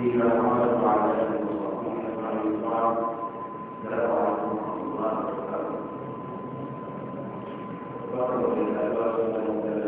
فيما قالوا على المصطفين من الإسلام السلام عليكم ورحمة الله وبركاته.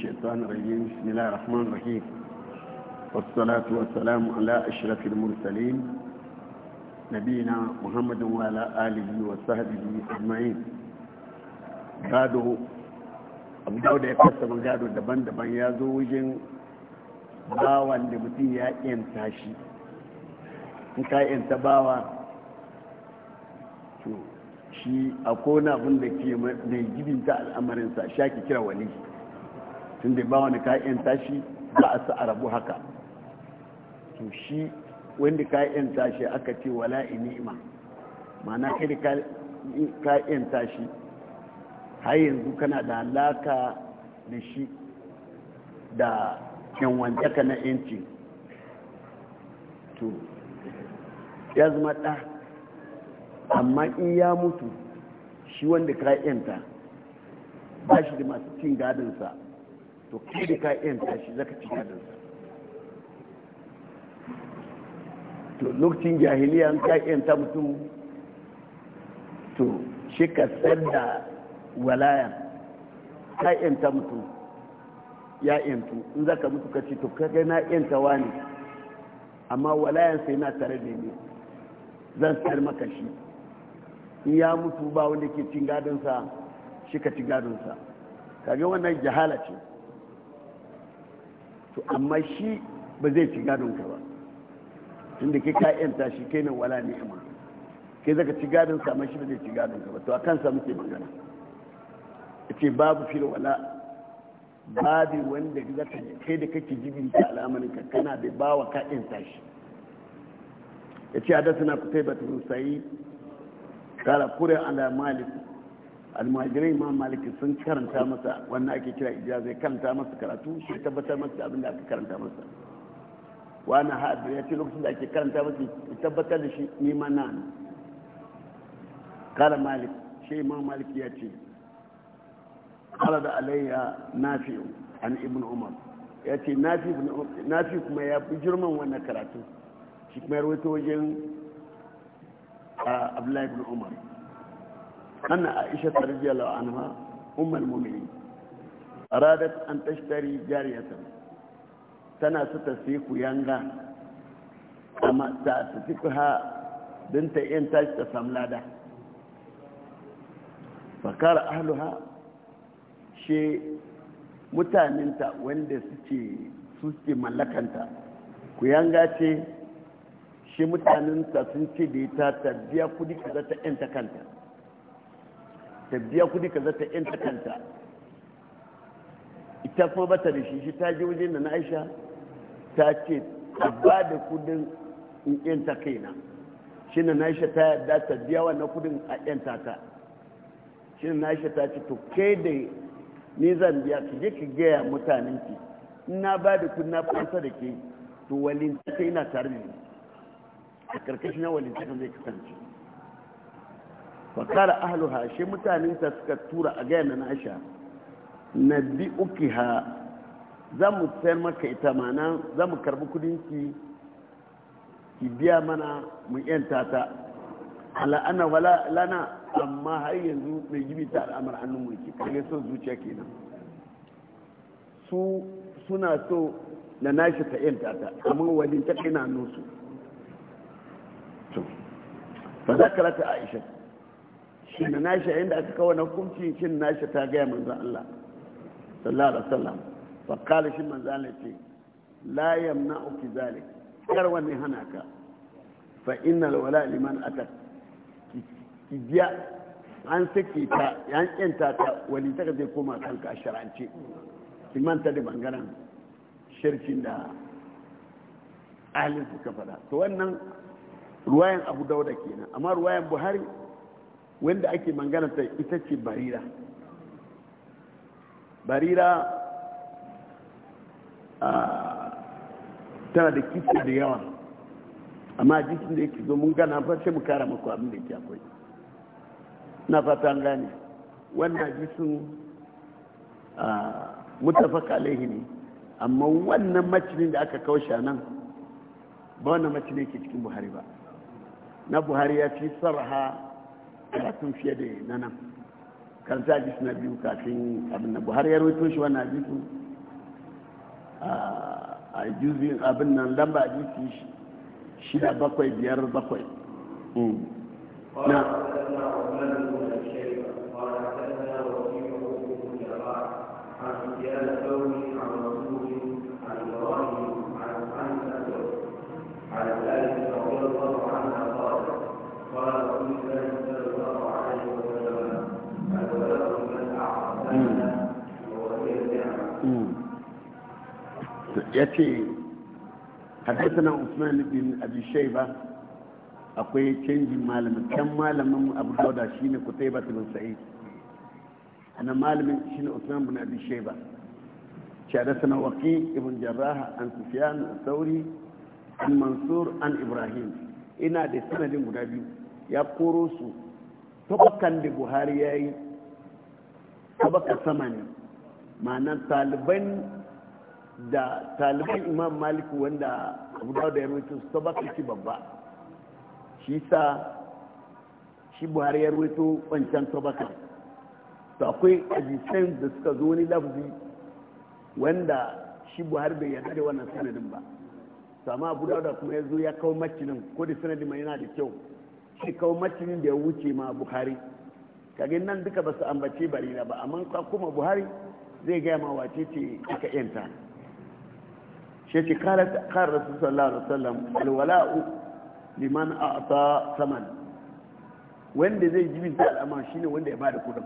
الشيطان الرجيم بسم الله الرحمن الرحيم والصلاة والسلام على أشرف المرسلين نبينا محمد وعلى آله وصحبه أجمعين gado أبو داود ya من gado دبان دبان يازو وجن باوا bawan da mutum ya yanta shi shi a kona abin da ke mai gidinta al'amarinsa shaki kira wani tun da ba wani ka'yan tashi za a sa a rabu haka to shi wanda ka'yan tashi aka ce wala ni'ima mana kai ka'yan tashi har yanzu kana da alaka da shi da ka na yanci to ya zama ɗa amma in ya mutu shi wanda ka'yanta ba shi da masu cin gadinsa to kai da ka iya tashi zaka ci gadonsa to lokacin jahiliya ka iya ta mutum to shi ka sayar da walaya ka iya ta mutum ya yantu in zaka mutu ka ce to ga na ta wani amma walayan sai na tare da ni. zan sayar maka shi in ya mutu ba wanda ke cin gadonsa shi ka ci gadonsa kage wannan jahala ce to amma shi ba zai ci gadon ka ba tunda kai ka yanta shi kai nan wala ni'ima kai zaka ci gadon sa amma shi ba zai ci gadon ka ba to a kansa muke magana yace babu fil wala babu wanda zaka kai da kake jibin ta al'amarin ka kana da bawa ka yanta shi yace hadathana qutaybah bin sa'id kara kure ala malik almajirai ma maliki sun karanta masa wannan ake kira ijazai karanta masa karatu shi tabbatar masa abin da aka karanta masa wani hadir ya ce lokacin da ake karanta masa ya tabbatar da shi nima na kala malik shi ma malik ya ce kala da alayya nafi an ibn umar ya ce nafi kuma ya fi girman wannan karatu shi kuma ya rawaito wajen ah, abdullahi ibn umar أن عائشة رضي الله عنها أم المؤمنين أرادت أن تشتري جارية تنا ستسيق ينغان أما تأتسيقها بنت إنتاج تسملادة فقال أهلها شيء mutaninta wanda suke suke mallakanta ku yanga ce shi ta sun ce da ita ta biya kudi kaza ta 'yan ta kanta ta biya kudi kaza ta kanta ita kuma bata da shi shi ta je wajen da na aisha ta ce ta ba da kudin in yanta kaina shi na aisha ta yarda ta biya wannan kudin a yan ta shi na aisha ta ce to kai da ni zan biya ki je ki gaya mutanen ki in na ba da kudin na fansa da ke to walin ta kai na tare da ni a karkashin walin ta zai kasance fakara ahaluha shi mutanenta suka tura a gaya na nasha. na bi uki ha za mu sayar maka ita mana za mu karbi kudinki ki biya mana mu yanta ta la'ana wala lana amma har yanzu mai gibi ta al'amar hannun mulki kare son zuciya kenan su suna so na nashi ta yanta ta amma wajen ta kai na nusu to fa zakarata aisha shi na nashi inda aka kawo na hukunci shi na nashi ta gaya manzan Allah sallallahu alaihi wasallam fa kala shi manzan Allah ce la fi zalik kar wani hana ka fa innal wala liman atak ki biya an saki ta yan kyanta ta wani ta zai koma kanka a shar'ance ta da bangaren shirkin da ahalin suka fada to wannan ruwayan abu dauda kenan amma ruwayan buhari wanda ake manganata ita ce barira barira tana da kitse da yawa amma jikin da yake zo mun gana fa sai mu kara maku abin da ke akwai na fata gane wannan jisun mutafaka alaihi ne amma wannan macinin da aka kawo nan ba wannan macinin yake cikin buhari ba na buhari ya fi sarha karatun fiye da na nan karanta hadisi na biyu kafin abin da buhari ya rawaito shi wannan hadisi ah, a juzin abin nan lamba hadisi shida bakwai biyar bakwai hmm. na ya ce haddasa a usman bin abishai ba akwai canjin malamin kan malamin abu dauda shi ne ku taiba bin sa'i ana malamin shi ne usman bin abishai ba shi haddasa na waki ibn jarraha an sufiyan sauri an mansur an ibrahim ina da sanadin guda biyu ya koro su tabakan da buhari ya yi tabakan sama ne ma'anar taliban da taliban imam maliku wanda abu da ya ruwaito su ba kashi babba shi sa shi buhari ya ruwaito wancan tabaka to akwai ajisan da suka zo wani lafazi wanda shi buhari bai yarda da wannan sanadin ba sama abu da kuma ya zo ya kawo macinin ko da sanadin mai yana da kyau shi kawo macinin da ya wuce ma buhari kage nan duka ba su ambace na ba amma kuma buhari zai gaya ma wace ce aka yanta shi ce kare rasu sallallahu alaihi wasallam alwala'u liman a'ta saman wanda zai ji bin al'amma shine wanda ya bada kudin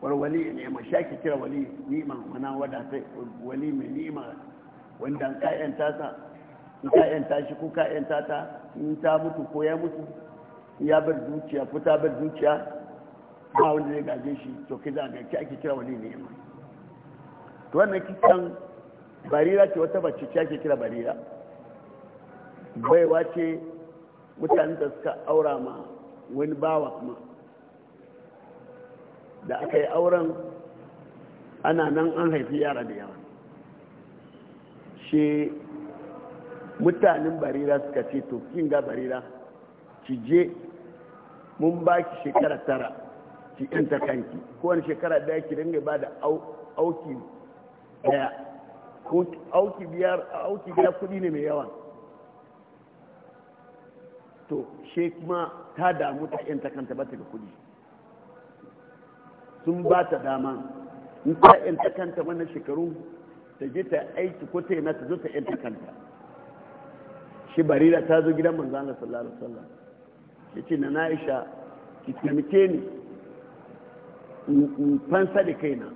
war wali ne ma shaki kira wali ni'ma mana wada sai wali mai ni'ma wanda ka yanta ta ka yanta shi ko ka yanta ta in ta mutu ko ya mutu ya bar zuciya ko ta bar zuciya ba wanda zai gaje shi to kai za ga ki ake kira wali ni'ma to wannan kisan barira ce wata mace ce ake kira barira baiwa ce mutane da suka aura ma wani bawa kuma da aka yi auren ana nan an haifi yara da yawa shi mutanen barira suka ce to kin ga barira ki je mun ba ki shekara tara ki yanta kanki kowane shekara daya ki dinga ba da auki daya ko auki biyar auki biyar kudi ne mai yawa to she kuma ta damu ta yanta kanta ba ta ga kudi sun ba ta dama in ta yanta kanta wannan shekaru ta je ta aiki ko ta yana ta zo ta yanta kanta shi barira ta zo gidan manzan Allah sallallahu alaihi wasallam ce na Na'isha ki taimake ni in fansa da kaina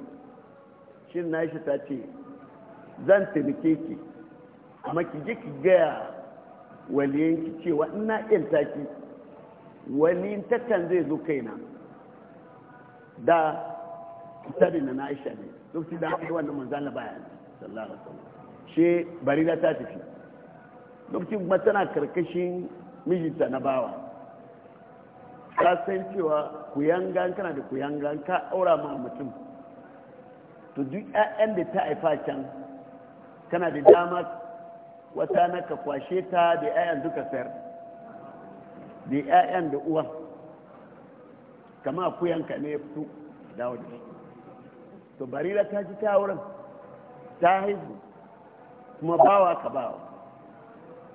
shin Na'isha ta ce zan taimake ki amma ki je ki gaya waliyanki cewa ina taki, wani waliyin takan zai zo kaina da tabi na aisha ne lokaci da aka yi wannan manzana bayan sallallahu alaihi wasallam she da ta tafi lokacin kuma tana karkashin mijinta na bawa Ta san cewa kuyangan kana da kuyangan ka aura ma mutum to duk 'ya'yan da ta haifa can kana da dama wata na ka kwashe ta da 'ya'yan duka sayar da 'ya'yan da uwa kama kuyanka ne ya fito dawo da shi to barira ta ji ta wurin ta haihu kuma bawa ka bawa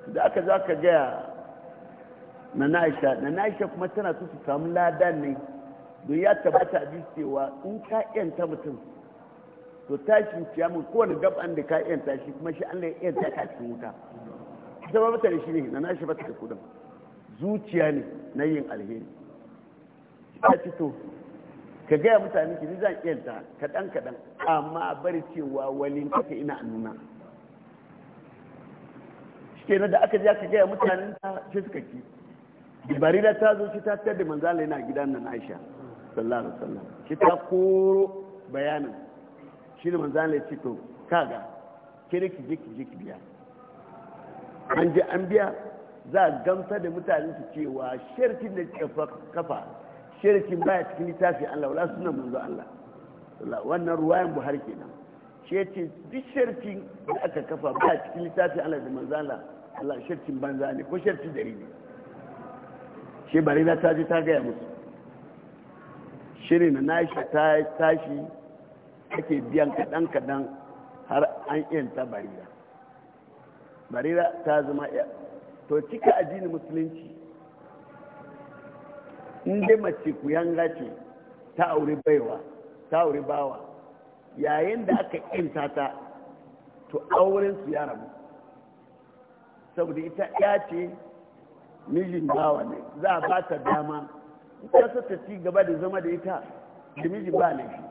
da aka za ka gaya na na'isha na na'isha kuma tana su su samu ladan ne don ya tabbata a cewa in ka mutum to tashin mun kowane gaban da ka iya tashi kuma shi Allah ya iya taka cikin wuta ita ba mutane shi ne na nashi ba ta kudin zuciya ne na yin alheri ci to ka gaya mutane ki zan iya ta kaɗan kaɗan amma bari cewa wani kaka ina nuna shi da aka ja ka gaya mutanen ta shi suka ki barira ta zo shi ta tattar da manzala yana gidan nan aisha sallallahu alaihi wasallam shi ta koro bayanin shi ne manzan ya ce to kaga kere ki je ki je ki biya an je an biya za a gamsa da mutane su cewa shirkin da kafa kafa shirkin baya cikin littafi Allah wala sunan manzo Allah wannan ruwayan Buhari kenan shi yace duk shirkin da aka kafa baya cikin littafi Allah da manzo Allah Allah shirkin banza ne ko shirkin dari ne shi bari ta je ta gaya musu shirin na Aisha ta tashi ake biyan kaɗan kadan har an yanta barira barira ta zama ya to cika ajini musulunci inda mace ku yanga ce ta aure baiwa ta aure bawa yayin da aka yanta ta to auren su ya rabu saboda ita ya ce mijin bawa ne za a ba ta dama kasa ta ci gaba da zama da ita da mijin ba shi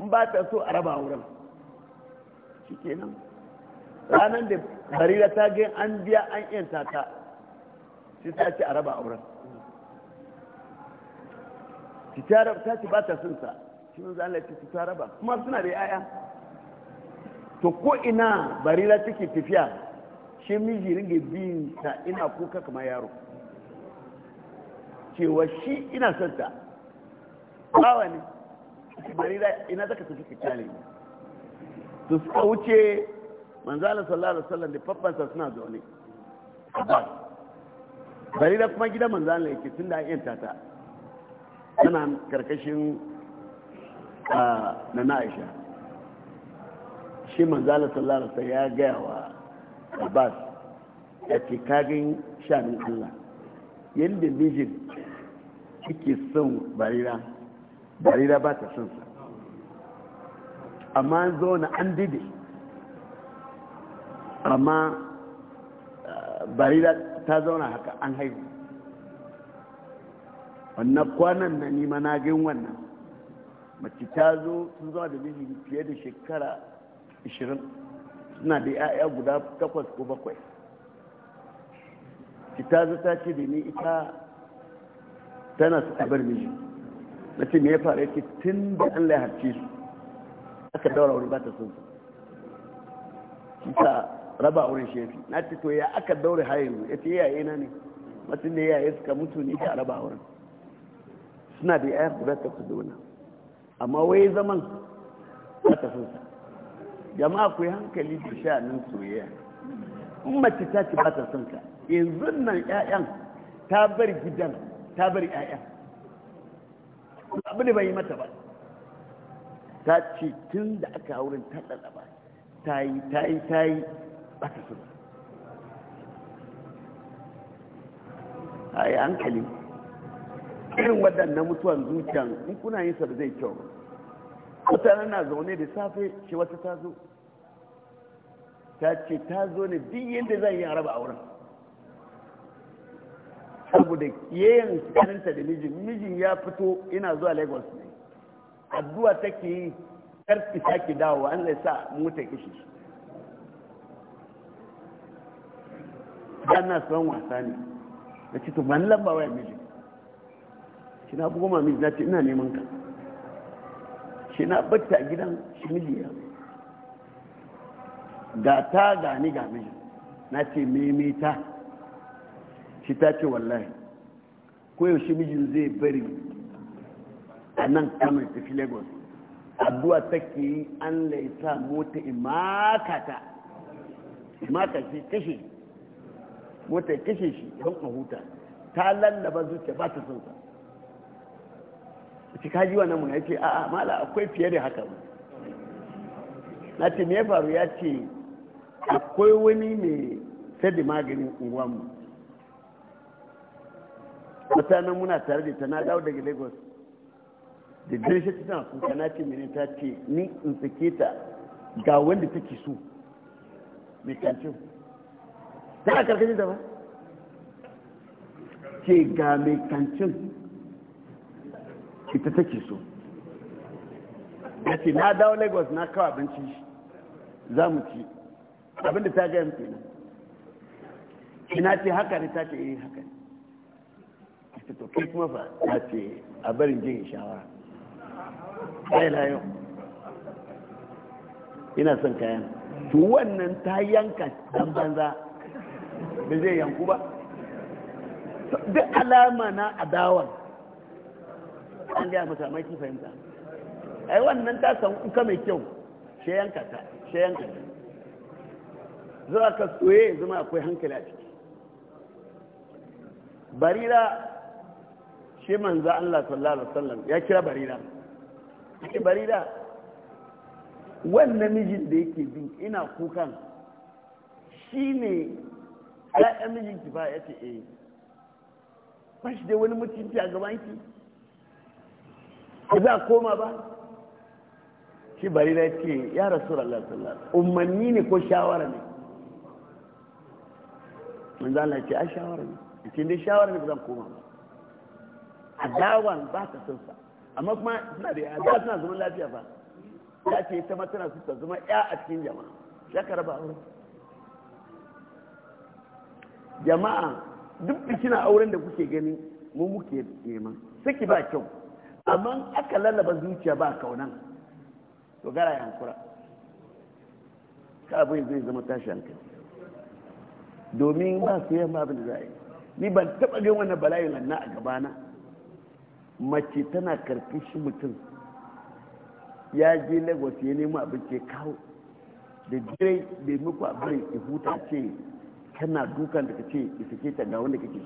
in ba ta so a raba wurin shi kenan ranar da barira ta ga an biya an yanta ta shi ta ce a raba auren ta ce ba ta son sa shi mun zan ta raba kuma suna da yaya to ko ina barira take tafiya shi miji ringe biyu ta ina kuka kamar yaro cewa shi ina son ta barira ina zaka tafi kitale to suka wuce manzala sallallahu alaihi wasallam da faffansa suna zaune abbas barira kuma gida manzala yake tunda an yanta ta tana karkashin na Aisha shi manzala sallallahu alaihi wasallam ya gaya wa abbas ya ce kagin shanin allah yadda mijin kike son barira barira ba ta son sa amma an na an dide amma eh, barira ta zauna haka an haihu wannan kwanan na nima na gin wannan mace ta zo sun zama da miji fiye da shekara 20 suna da 'ya'ya guda takwas ko bakwai ta zo ta ce da ni ita tana su abar miji na ce me ya faru yake tun da an ya harce su aka daura wuri ba ta sun su ta raba wurin shefi na ce to ya aka daura hayin ya ce yaye ina ne mutum da yaye suka mutu ne ka raba wurin suna da yaya guda ta fi zauna amma wai zaman ba ta sun jama'a ku yi hankali da nan soyayya in mace ta ci ba ta son ka yanzu nan 'ya'yan ta bar gidan ta bar 'ya'yan abu da bai yi mata ba ta ce tun da aka wurin ta ba ta yi ta yi ta yi ba ta su a yi hankali irin waɗannan mutuwan zuciyan in kuna yin sabu zai kyau wata na zaune da safe ce wata ta zo ta ce ta zo ne duk yadda zan yi a raba a wurin saboda yayin tsakaninta da mijin mijin ya fito ina zuwa lagos ne addu'a take yi karfi sake dawowa an zai sa mota kishi na tsawon wasa ne na ce to ban lamba waya mijin shi na goma mijin na ce ina neman ka shi na bata a gidan shi mijin ya ga ta gani ga mijin na ce meme ta shi ta ce wallahi koyaushe mijin zai bari a nan kamar tafi lagos addu'a take yi an laisa mota imakata imaka shi kashe mota kashe shi don a huta ta lallaba zuciya ba ta sauka ci kaji wa namun ya ce a'a mala akwai fiye da haka ba na ce me faru ya ce akwai wani mai sadi maganin unguwanmu wata nan muna tare da ta na dawo daga lagos da dirshe ta tana kuka na ce mene ta ce ni in sake ta ga wanda take so mai kancin ta na karkashin da ba ce ga mai kancin ita take so ya ce na dawo lagos na kawo abinci za mu ci abinda ta gaya mutane ina ce haka ne ta ce eh haka ne ce to kai kuma fa ta ce a barin jin shawara ai na yau ina son kayan to wannan ta yanka dan banza da zai yanku ba duk alama na adawan an gaya mata mai fahimta ai wannan ta san uka mai kyau she yanka ta she yanka ta zuwa ka soye zama akwai hankali a ciki barira shi manzo Allah sallallahu alaihi wasallam ya kira barira yake barira wannan mijin da yake bin ina kukan shine ya mijin ki ba yace eh ba shi da wani mutunci a gaban ki za koma ba shi barira ce ya rasulullahi sallallahu alaihi ummanni ne ko shawara ne manzo Allah ya ce a shawara ne ce dai shawara ne ba zan koma ba adawa ba ta son sa amma kuma suna da yada suna zama lafiya ba ya ce ta ma tana ta zama ya a cikin jama'a shakar ba aure jama'a duk da kina auren da kuke gani mu muke neman saki ba kyau amma aka lalaba zuciya ba kaunan to gara ya hankura ka bai zai zama tashi hankali domin ba su yamma abin da za a yi ni ban taɓa gan wannan bala'in lanna a gabana mace tana shi mutum ya je lagos ya nemo abinci kawo da jirai bai muku abin ya huta ce kana dukan da ce ke ta ga wanda kake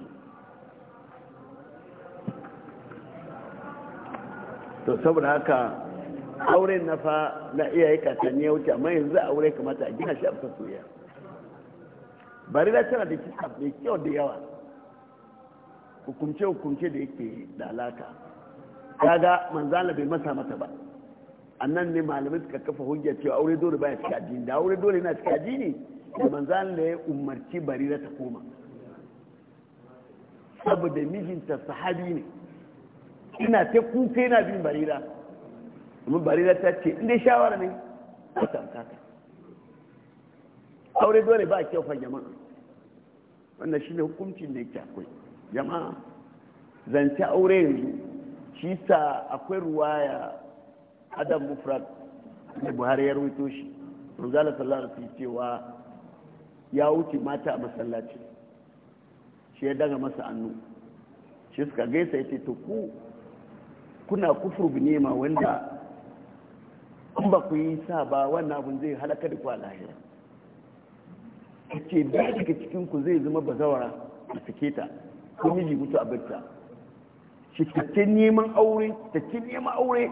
so to saboda haka auren na fa na iyaye kakanni ya wuce amma yanzu aure kamata a gina shi a fasoya bari na tana da kisa mai kyau da yawa hukunce hukunce da yake da alaka kaga manzala bai masa mata ba annan ne malamai suka kafa hujja cewa aure dole baya cika jini da aure dole yana cika jini da manzala ya umarci barira ta koma saboda mijinta sahabi ne ina ta kuka yana bin barira domin barira ta ce inda shawara ne a tamtaka aure dole ba a kyau fa jama'a wannan shine hukuncin da yake akwai jama'a zance aure yanzu shi sa akwai ruwaya adam mufrad da buhari ya rubuto shi rugala sallallahu alaihi cewa ya wuce mata a masallaci shi ya daga masa annu shi suka gaisa ya ce to ku kuna kufur bi wanda in ba ku yi sa ba wannan abun zai halaka da ku a lahira ce da daga cikin ku zai zama bazawara a sake ta ko miji mutu a bacci shi take neman aure take neman aure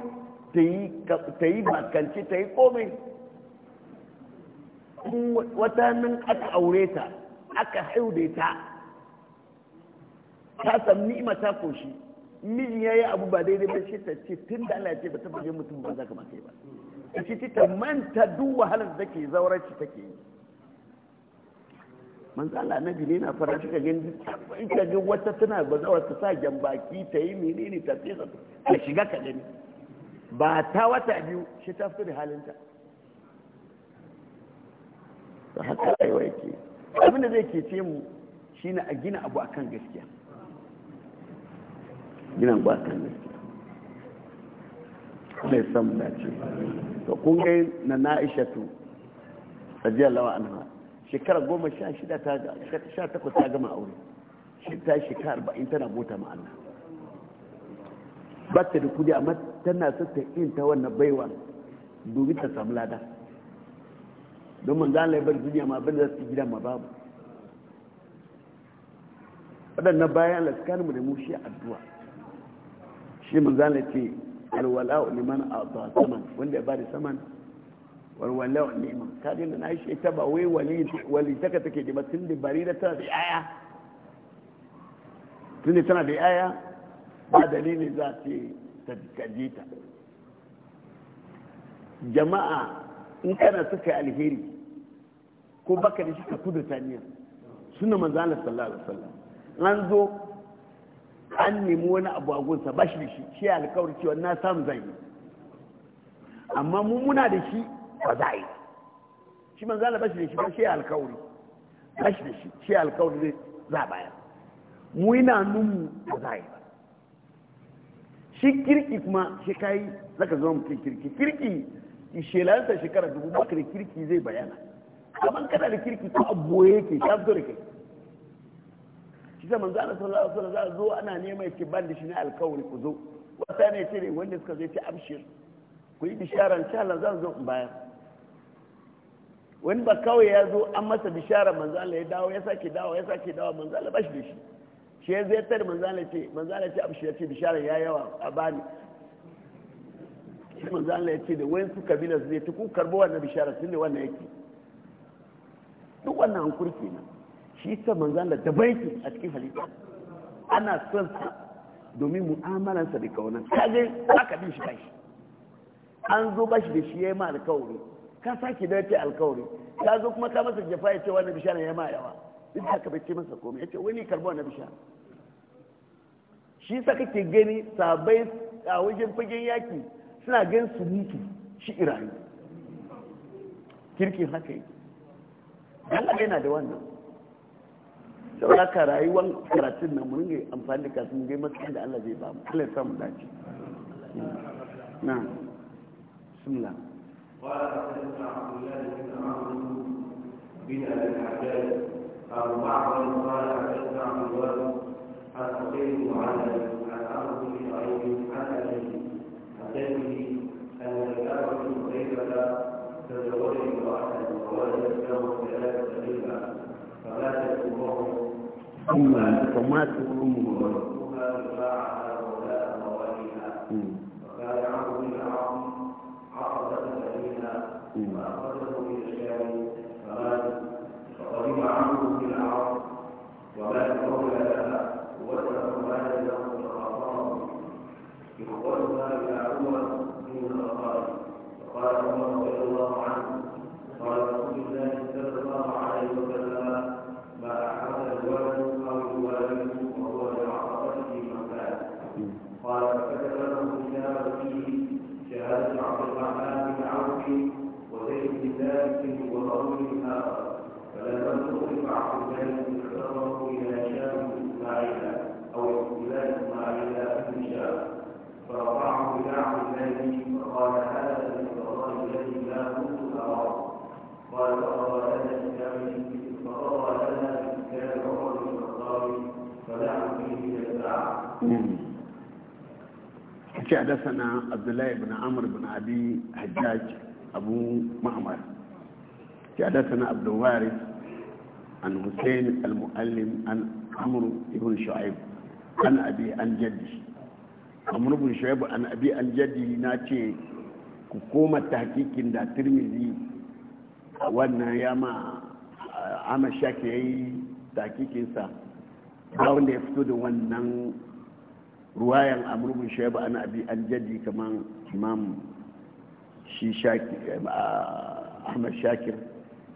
ta yi bakance ta yi komai wata nan aka aure ta aka haihude ta ta sami ni'ima ta koshi miji ya yi abu ba daidai ba shi ta ce tun da Allah ce ba ta baje mutum ba za ka mace ba ta ce ta manta duk wahalar da ke zaurar ci take yi manzo Allah annabi ne na fara shi in ka ga wata tana ba za ta sa jambaki ta yi menene ta fesa ta shiga ka gani ba ta wata biyu shi ta fito da halinta ta haka aiwa yake abinda zai ke ce mu shi na a gina abu akan gaskiya gina abu akan gaskiya zai samu dace ta kun na na'ishatu an anha shekara goma sha shida ta sha takwas ta gama aure shi ta shekara in tana bota ma Allah ba ta da kudi amma tana so ta yin ta wannan baiwa domin ta samu lada don manzo zan laifar duniya ma abin da su gida ma babu waɗannan bayan Allah su mu da mu shi addu'a shi manzo zan laifar alwala'u liman a'ta saman wanda ya ba da saman walwala wa ni'ima ta da na shi ta ba wai wali wali taka take da ba tun da barira tana da yaya tun da tana da yaya ba dalili za ta kaje ta jama'a in kana suka alheri ko baka da shi ka kudu taniya suna manzana sallallahu alaihi wasallam an zo an nemi wani abu a gunsa ba shi da shi shi alkawar cewa na samu zai amma mu muna da shi ba za a yi shi man zala bashi da shi ba shi alkawari bashi da shi shi alkawari zai za a bayar mu yana numu ba za a yi ba shi kirki kuma shi kayi zaka zama mutum kirki kirki shelarsa shekara dubu baka da kirki zai bayana amma kana da kirki ko aboye yake ka fito da kai shi zaman zala sallallahu alaihi wasallam za zo ana neman ki ban da shi na alkawari ku zo wata ne ce ne wanda suka zai ce abshir ku yi bisharar insha Allah zan zo in bayar wani ba kawai ya zo an masa bishara manzala ya dawo ya sake dawo ya sake dawo manzala ba shi da shi shi ya zai da manzala ce manzala ce abu shi ya ce bishara ya yawa a bani shi manzala ya ce da wani su kabila su zai ta ku karbo wannan bishara sun ne wannan yake duk wannan hankurki na shi ta manzala da baiki a cikin halitta ana son sa domin mu'amalansa da kaunan kaje aka bin shi shi an zo bashi da shi ya yi ma alkawari ka sake da yake alkawari ka zo kuma ka masa jafa ya ce wani bisha na yama yawa duk haka bai ce masa komai ya ce wani karbo na bisha shi sa kake gani sabai a wajen fagen yaki suna gan su mutu shi irani kirkin haka yi Allah yana da wannan saboda ka rayuwan karatun nan mun yi amfani da kasu mun gai matsayin da Allah zai ba mu Allah ya dace na bismillah قال حدثنا عبد الله بن عمرو بن ابي الحجاج ابو معقل قال حدثنا عبد الوارث عن حسين بن علي عن عمرو بن عيد عن ابيه عن جده ان الاب بن قتيبه تزوج امراه وولدت له ثلاثه بنات فماتت امه ثم ماتت امه وولدتها إلى فقال عمر رضي الله عنه قال رسول الله صلى الله عليه وسلم ما أحد الولد أو الولد وهو بعصبته مكان قال فكتب له فيه شهادة عبد الرحمن بن وزيد بن ثابت ورجل آخر عبد الله اختاره إلى شام إسماعيل أو إلى إسماعيل بن فرفعه فقال هذا من الذي لا كنت اراه قال لنا فقضى لنا عمر بن الخطاب فيه حدثنا عبد الله بن عمرو بن ابي حجاج ابو معمر حدثنا عبد الوارث عن حسين المؤلم عن عمرو بن شعيب عن ابي عن جدي amur bin shaibu an abi aljadi jadi na ce ku koma tahkikin da tirmizi wannan ya ma ama shaki ya yi tahkikinsa ba wanda ya fito da wannan ruwayan amur bin shaibu an abi aljadi jadi kamar imam shi shaki ahmad shakir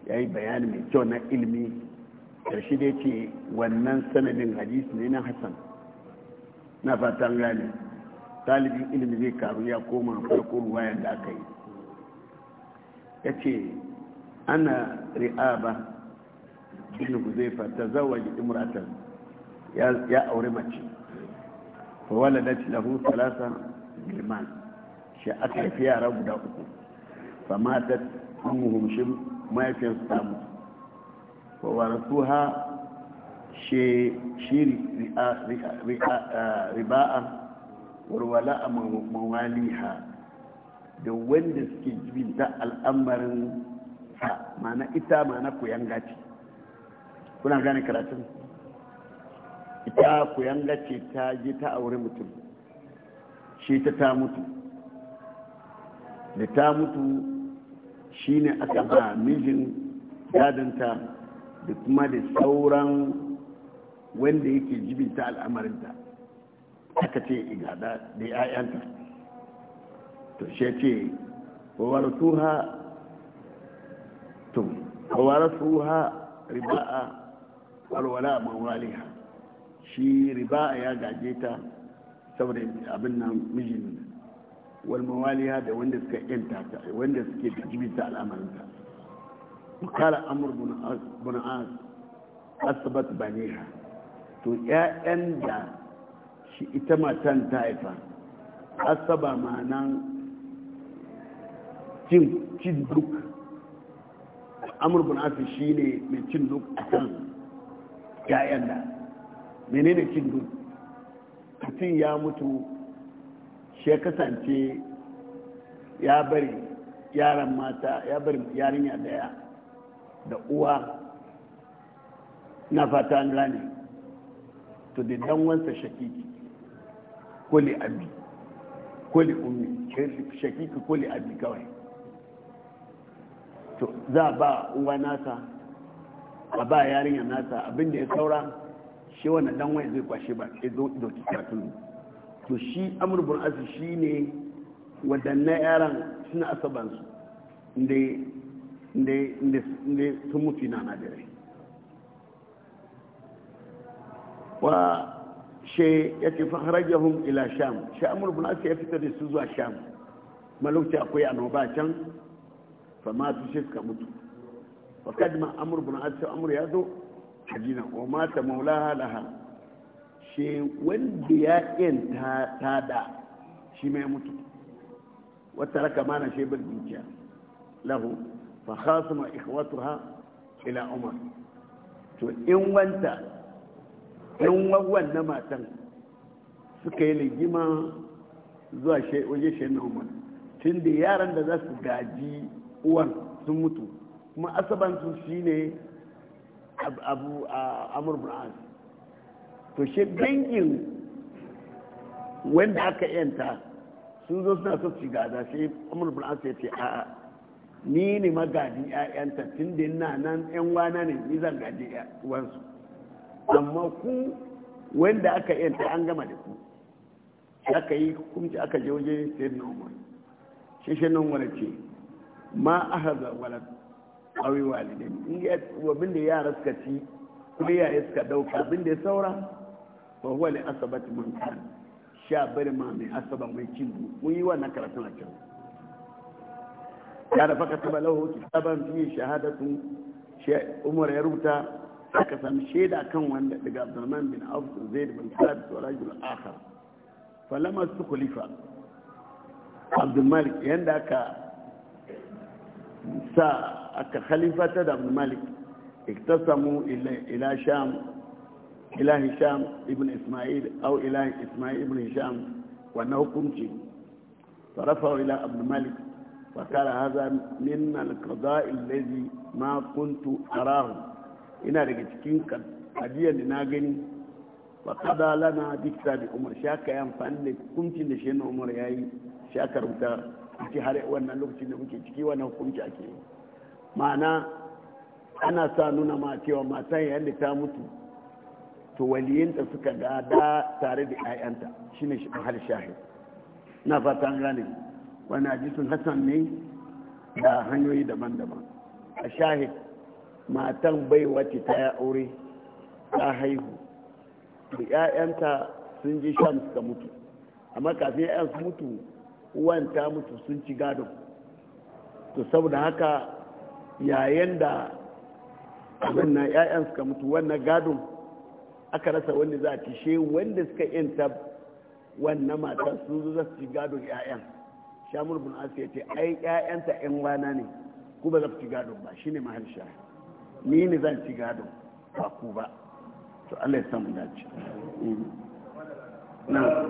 ya yi bayani mai kyau na ilmi karshe da ya ce wannan sanadin hadisi ne na hassan na fatan gane talibin ilimi zai karu ya koma farko ruwayan da aka yi ya ce ana ri'aba bin huzaifa ta zawaji imratan ya aure mace fawala da lahu salasa girman shi aka haifi yara guda uku famata umuhum shi mahaifiyarsu ta mutu ha shi ri'a. warwala mawaliha da wanda suke jibinta al'amarin ha mana ita mana koyan gaci kuna gane karatun ita koyan gaci ta je ta aure mutum shi ta ta mutu da ta mutu shi ne aka ba mijin gadanta da kuma da sauran wanda yake jibinta al'amarinta aka ce igada da 'ya'yanta to shi ce warasuha su ha riba'a walwala mawaliha shi riba'a ya gaje ta saboda abin nan mijin walmawaliha da wanda suka yanta ta wanda suke da jibinta al'amarinta kala amur buna'az bane baniha to 'ya'yan da shi ita matan ta haifa asaba ma'anan cin duk bin asu shi ne mai cin duk a kan yayan da menene cin duk mutum ya mutu shi ya kasance ya bari yaran mata ya bari yarinya daya da uwa na fata an gane to da dan wansa shakiki ko li abi ko li ummi shakiki ko li abi kawai to za ba uwa nasa a ba yarinya nasa abinda ya saura shi wannan dan waye zai kwashe ba sai zo doki karatun to shi amr bin asu shine wadannan yaran suna asabansu inda inda sun mutu na nadirai wa she ya ce faharajahun ila sham sha'amur bin asiya ya fita da su zuwa sham malauci akwai annoba can fama su shi suka mutu fakad ma amur bin asiya amur ya zo hajjina wa mata maulaha laha shi wanda ya yin da shi mai mutu wata raka mana shi bin dukiya lahu fa khasuma ikhwatuha ila umar to in wanta yan wawan na matan suka yi ligima zuwa waje shayin umar tun da yaran da za su gaji uwan sun mutu kuma asabansu shi ne abu a amurban to shi dangin wanda aka yanta sun zo suna so su gada sai amurban sai ce a'a ni ne magadi 'ya'yanta tun da yana nan 'yan wana ne ni zan gaji uwansu amma ku wanda aka yanta an gama da ku aka yi kumci aka je waje sai na umar shi shi nan wani ce ma aka haza wala awi walidin in ya abin da yara suka ci kuma yaya suka dauka abin da ya saura ba huwa ne asabati man kan sha bari ma mai asaba mai cin mun yi wannan karatun a can ya da faka saba lahu kitaban fi shahadatun umar ya rubuta aka sami shaida kan wanda daga abdurrahman bin auf zai da bin salat da rajul akhar falama su khalifa abdulmalik yanda aka sa aka khalifa ta da abdulmalik iktasamu ila sham ila hisham ibn isma'il aw ila isma'il ibn hisham wa na hukunci farafa ila abdulmalik فقال هذا من القضاء الذي ما كنت أراه ina daga cikin hadiyar da na gani fa kada lana dikta bi umar shaka ya amfani da hukuncin da shi na umar ya yi shaka rubuta ci har wannan lokacin da muke ciki wannan hukunci ake yi ma'ana ana sa nuna ma cewa matan da ta mutu to waliyinta suka da tare da 'ya'yanta shine shi har shahi na fatan gane wani hadisin hassan ne da hanyoyi daban-daban a shahid matan bai wace ta ya aure ta haihu da ƴaƴanta sun ji sham ka mutu amma kafin ƴaƴan su mutu uwan ta mutu sun ci gado to saboda haka yayin da abin na 'ya'yan suka mutu wannan gado aka rasa wanda za a ci she wanda suka yanta wannan mata sun za su ci gado 'ya'yan shamul bin asiya ce ai 'ya'yanta 'yan wana ne kuma za su ci gado ba shine mahal ni ne zan ci gado ba ku ba to Allah ya dace na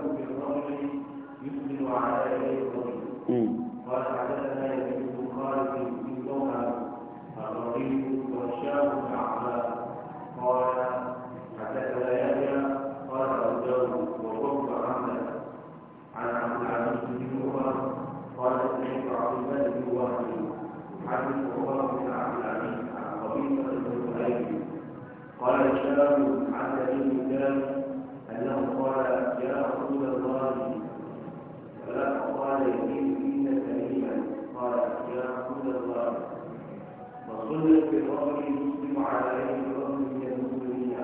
قال hmm. له عن أبي هلال أنه قال يا رسول الله فلا قال يزيد فينا سليما قال يا رسول الله وصلت بالرجل يسلم على يد رجل من المسلمين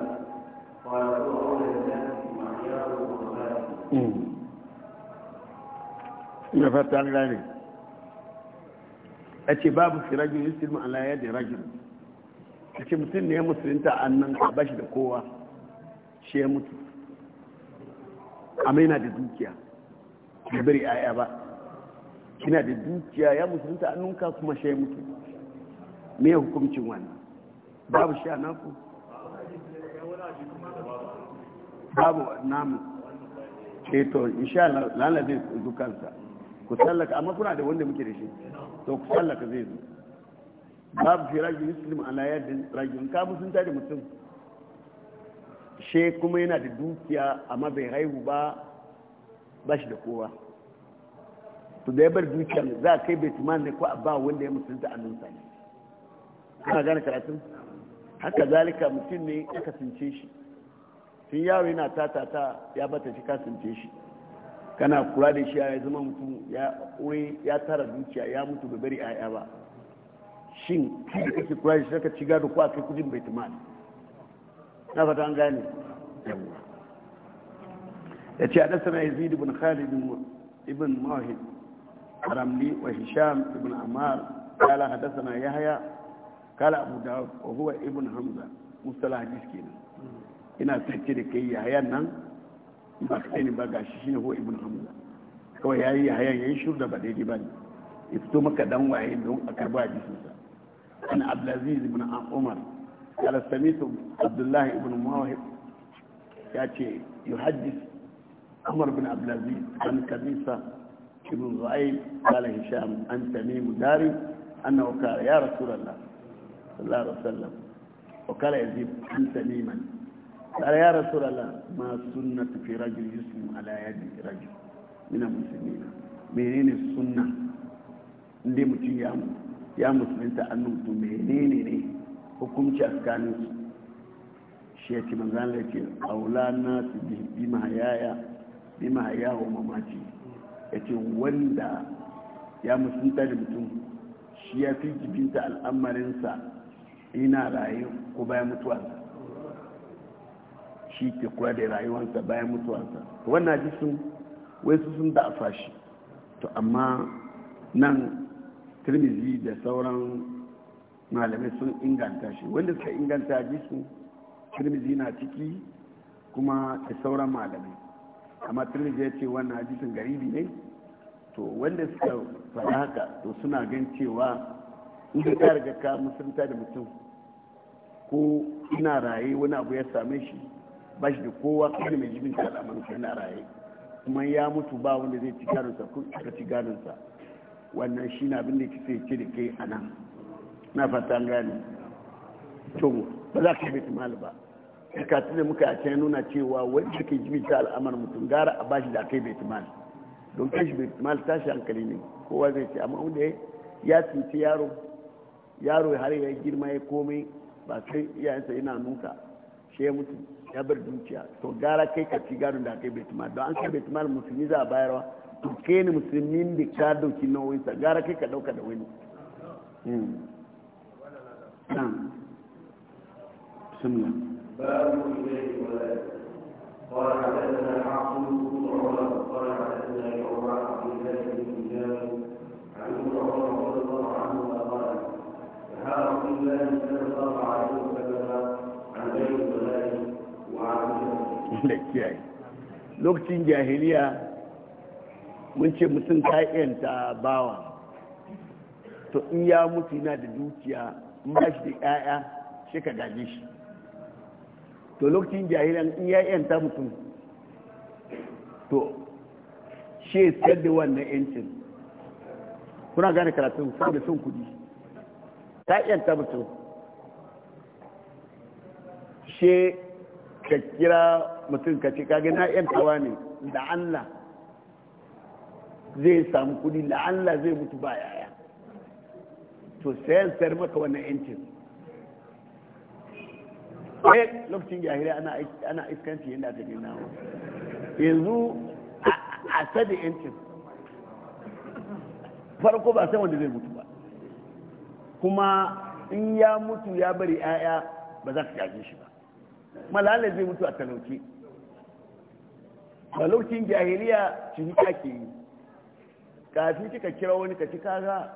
قال هو أولى الناس معياه وغلاته ya fata an gane a ce babu fi rajin yusulmu ala yadda kace mutum ne ya musulunta annan ka bashi da kowa shi ya mutu amma yana da dukiya da bari aya ba kina da dukiya ya musulunta annunka kuma shi ya mutu me ya hukumcin wannan babu shi a naku babu namu ceto eh insha Allah zai zukansa ku sallaka amma kuna da wanda muke da shi to ku sallaka zai zuwa babu fi rajin muslim ala yadin rajin ka sun da mutum she kuma yana da dukiya amma bai haihu ba ba shi da kowa to da ya bar dukiya za a kai baituman ne ko a ba wanda ya mutunta a nunsa ne kana gane karatun haka zalika mutum ne aka tsince shi tun yaro yana tatata ya bata shi ka tsince shi kana kula da shi ya zama mutum ya tara dukiya ya mutu bai bari 'ya'ya ba shin shi da kake kula da shi ka ci gado ko a kai kudin bai tumani na fata an gane yamma ya ce hadasana yazid ibn khalid ibn mawhid ramli wa hisham ibn amar kala hadasana yahya kala abu dawud wa huwa ibn hamza mustalah hadis kenan ina tace da kai yahya nan ba kai ne ba gashi shine huwa ibn hamza kawai yayi yahya yayi shur da ba daidai ba ne ya fito maka dan waye don a karba hadisinsa عن عبد العزيز بن عمر قال سميت عبد الله بن مواهب ياتي يحدث عمر بن عبد العزيز عن كنيسة بن ضعيف قال هشام عن تميم داري أنه قال يا رسول الله صلى الله عليه وسلم وقال يزيد عن تميما قال يا رسول الله ما السنة في رجل يسلم على يد رجل من المسلمين منين السنة اللي متيامه ya musulunta annubu menene ne hukunci a tsakanin su shi ya ce manzan da ce aula na su bi mahayaya bi mahayawa mamaci ya ce wanda ya musulunta da mutum shi ya fi jibinta al'amarinsa ina raye ko bayan mutuwarsa shi ke kula da rayuwarsa bayan mutuwarsa to wannan jisun wai su sun da fashi to amma nan tirmizi da sauran malamai sun inganta shi wanda suka inganta su tirmizi na ciki kuma da sauran malamai amma tirmizi ya ce wannan hadisin garibi ne to wanda suka faɗa haka to suna gan cewa in ka riga ka musulunta da mutum ko ina raye wani abu ya same shi ba shi da kowa kai mai jibin ta al'amanka ina raye kuma ya mutu ba wanda zai ci gadonsa ko aka ci gadonsa wannan shi na abin da ke sai ce da ke a nan na fata gani to ba za ka bai malu ba katin da muka yace nuna cewa wani da ke ta al'amar mutum gara a bashi da kai bai don kai bai ta tashi hankali ne kowa zai ce amma wanda ya tsinci yaro yaro har ya girma ya komai ba sai iyayensa yana nuka shi ya mutu ya bar dukiya to gara kai ka ci garin da kai bai malu don an kai bai malu musulmi za a bayarwa to kai ne musulmin da ka dauki nauyinsa gara kai ka dauka da wani lokacin jahiliya mun ce mutum yanta bawa to in ya mutu yana da dukiya in ba shi da 'ya'ya shi ka gaje shi to lokacin jahilan in ya 'yanta mutum to shi ya sayar da wannan 'yancin kuna gane karatun da sun kudi ta 'yanta mutum shi ka kira mutum ka ce kage na 'yantawa ne da Allah zai samu kudi la'alla zai mutu ba yaya to sayan sayar maka wannan yancin ɗaya eh, lokacin jahiri ana iskanci yadda aka gina wa yanzu a sadi yancin farko ba sai wanda zai mutu ba kuma in ya mutu ya bari 'ya'ya ba za ka gaji shi ba malala zai mutu a talauci ba lokacin jahiliya ciniki ke yi kafin kika kira wani ka ci kaga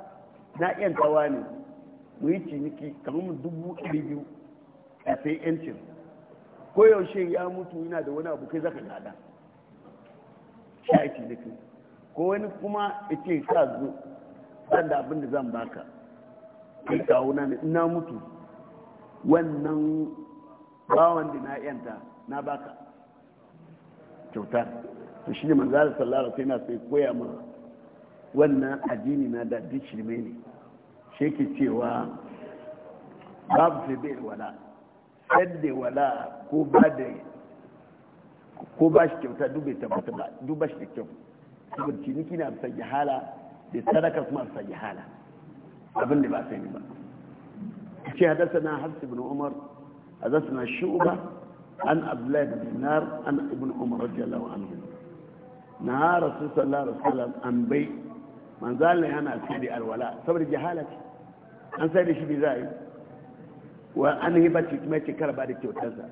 na yan tawa ne mu yi ciniki kamar mu dubu ɗari biyu a sai yancin koyaushe ya mutu yana da wani abu kai zaka gada sha ya ciniki ko wani kuma ya ce sa zo san da abin da zan baka kai kawo na ina mutu wannan bawan da na yanta na baka kyauta to shi ne manzara sallara sai na sai koya mana wannan addini na da dishirme ne ke cewa babu febe wala sadde wala ko ba da ko ba shi kyauta duk bai tabbata ba duk ba shi da kyau saboda ciniki na bisa jahala da sadaka kuma bisa jahala abin da ba sai ne ba ce hadasa na hafsi ibn umar hadasa na shuba an abdullahi da dinar an ibn umar radiyallahu anhu na rasul sallallahu alaihi wasallam an bai manzala yana sai da alwala saboda jahala ce an sai da shi bai za a yi wa an ba cikin mai cikar ba da kyautarsa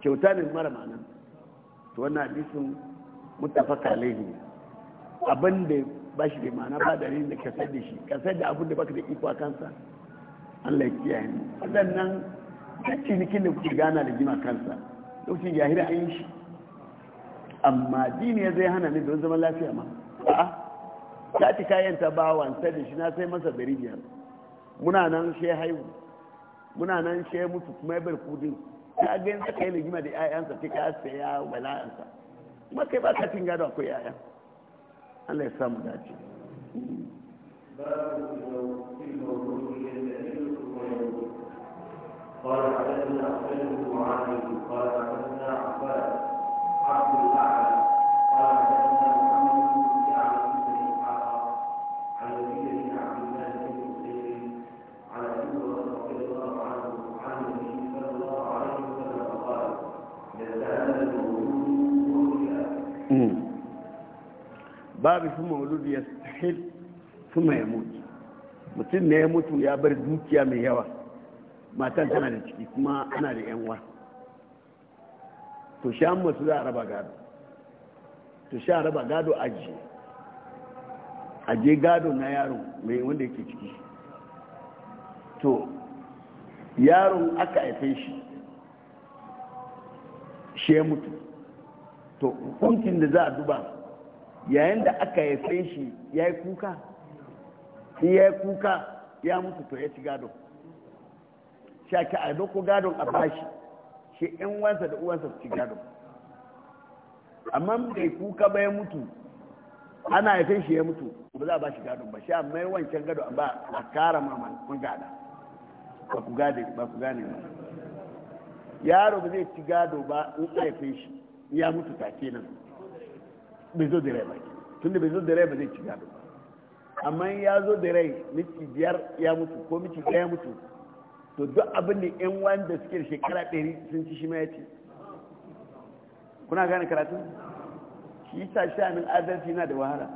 kyauta ne mara ma'ana to wannan hadisin mutafa alaihi abin da ba shi da ma'ana ba da da ka sai da shi ka sai da abin da baka da iko a kansa Allah ya yi ni wadannan kacce nikin da kuke gana da jima kansa lokacin jahira an yi shi amma dini ya zai hana ne don zaman lafiya ma a'a ta ci kayan ta bawan ta da shi na sai masa dari biyar muna nan shi haihu muna nan shi mutu kuma ya bar kudin ta ga yanzu kai gima da ƴaƴansa ta ka saya wala'ansa kuma kai ba ka tinga da akwai ƴaƴa Allah ya samu dace قال حدثنا أحمد بن معاذ ya rajul yastahil ya yamut mutum ne ya mutu ya bar dukiya mai yawa matan tana da ciki kuma ana da yan uwa to sha masu za a raba gado to sha raba gado aji aje gado na yaron mai wanda yake ciki to yaron aka haife shi shi ya mutu to hukuncin da za a duba yayin da aka haife shi ya yi kuka shi ya yi kuka ya mutu to ya ci gado ake a doko gadon a bashi shi in wansa da uwansa su ci gado amma ya kuka ba ya mutu ana haifin shi ya mutu ba za a ba shi gadon ba a mai wancan gado a ba a kara maman kun gada ba ku gane ba yaro ba zai ci gado ba in haifin shi ya mutu take nan bai zo da rai ba da bai zo da ba zai ci gado amma ya zo da rai miki biyar ya mutu ko miki ɗaya ya mutu to duk abin da yan wanda suke da shekara ɗari sun ci shi ma ya ci kuna gane karatu shi sa shanin adalci na da wahala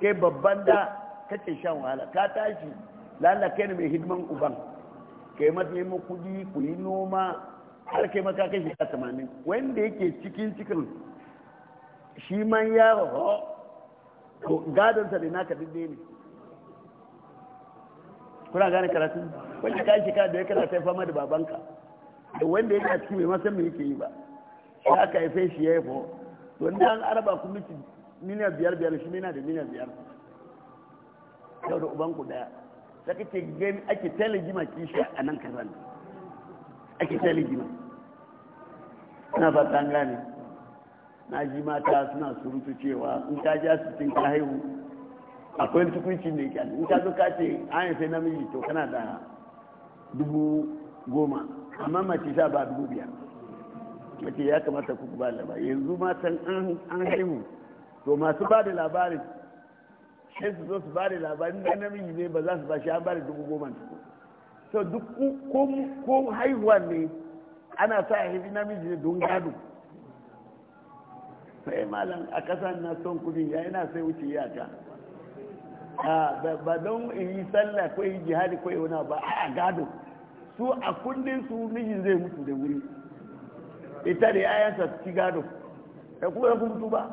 kai babban da kace shan wahala ka tashi lalla kai ne mai hidiman uban kai mata neman kuɗi ku yi noma har kai ka kai shekara 80 wanda yake cikin cikin shi man ya raho to gadonsa da naka dinde ne kuna gane karatu wanda ka shekara da ya kana sai fama da babanka da wanda ya kaci mai masan me yake yi ba shi aka haife shi ya haifo to ni an araba ku miki miliyan biyar biyar shi mina da miliyan biyar yau da ubanku daya sai kace gani ake gima kishi a nan ne ake talajima na fata an gane na ji mata suna surutu cewa in ta ji asibitin ka haihu akwai tukunci ne kyan in ka zuka ce an sai namiji to kana da dubu goma amma mace sha ba dubu biyar mace ya kamata ku ba labari yanzu matan an haihu to masu ba da labarin sai su zo su ba da labarin da namiji ne ba za su ba shi an ba da dubu goma so duk ko haihuwa ne ana sa haifi namiji ne don gado sai malam a kasar na son kudin ya yana sai wuce ya ta ba don in yi sallah ko yi jihadi ko yana ba a gado su a kundin su mijin zai mutu da wuri ita da yayansa ci gado da kuma ya mutu ba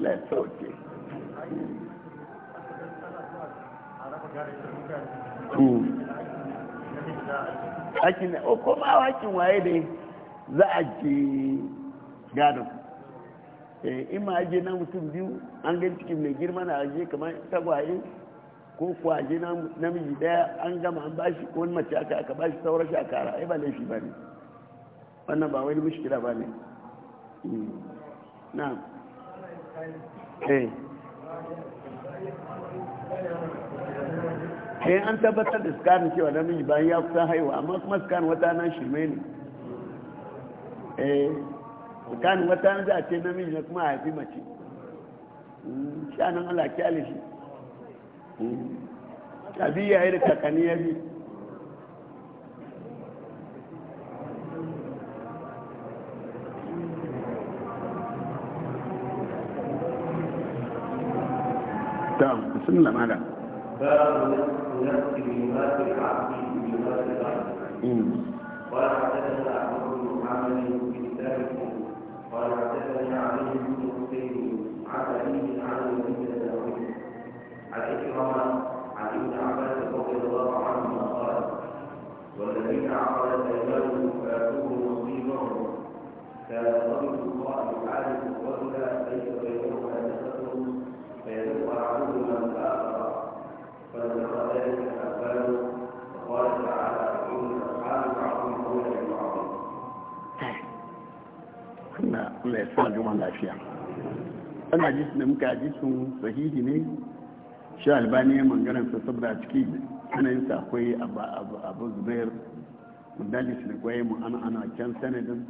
let's okay hmm. Akin, o oh, kuma akin waye da yi za a ke gado eh, in ma aje na mutum biyu an gan cikin mai girma na aje kamar tagwaye ko kwaje aje namiji daya an gama an bashi ko wani mace aka aka bashi sauran shi a kara ai ba laifi ba ne wannan ba wani mushkila ba ne na eh. eh an tabbatar da scan cewa namiji bayan ya kusan haihuwa amma kuma scan wata nan shirme ne eh tsakanin wata za a ce namiji na kuma haifi mace hmm, shanan Allah kyale shi hmm, abi yayi da kakanni ya bi tam bismillah mala hmm. babu nafsi ذلك قال حدثني علي بن حسين عن ابيه عن النبي صلى اكرم عن ابن رضي الله عنهما قال والذين عقلت ايمانهم فاتوهم نصيبهم فيغضب الله يعالج الرجل ليس بينهما نسبه فيدق احدهما الاخر فذكر ذلك الاقبال وقال تعالى كل اصحاب بعضهم اولى بعض suna Allah ya sa juma lafiya wannan da muka sahihi ne shi albani ya mangaran sa saboda ciki sanayin akwai abu zubair mudali su da kwaye mu ana ana can sanadin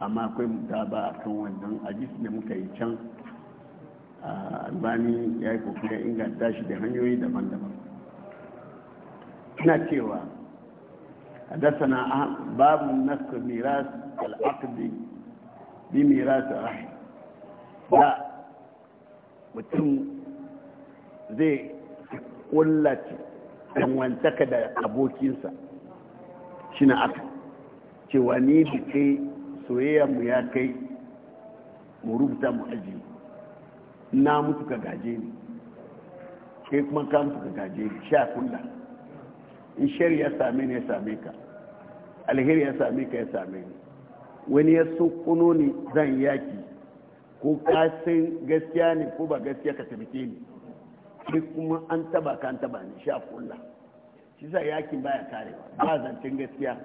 amma akwai ba a kan wannan hadisi da muka yi can albani ya yi kokarin inganta shi da hanyoyi daban-daban ina cewa حدثنا باب نسخ الميراث كالعقد bi mirasa rahim ba mutum zai kullace dangantaka da abokinsa shi na aka cewa ni da kai soyayya mu ya kai mu rubuta mu aji na mutu ka gaje ni kai kuma ka mutu ka gaje ni sha kulla in shari ya same ni ya same ka alheri ya same ka ya same ni wani ya sukuno ni zan yaki ko kasin gaskiya ne ko ba gaskiya ka tabbake ni sai kuma an taba ka an taba ni sha kulla shi sa yakin baya kare ba zancen gaskiya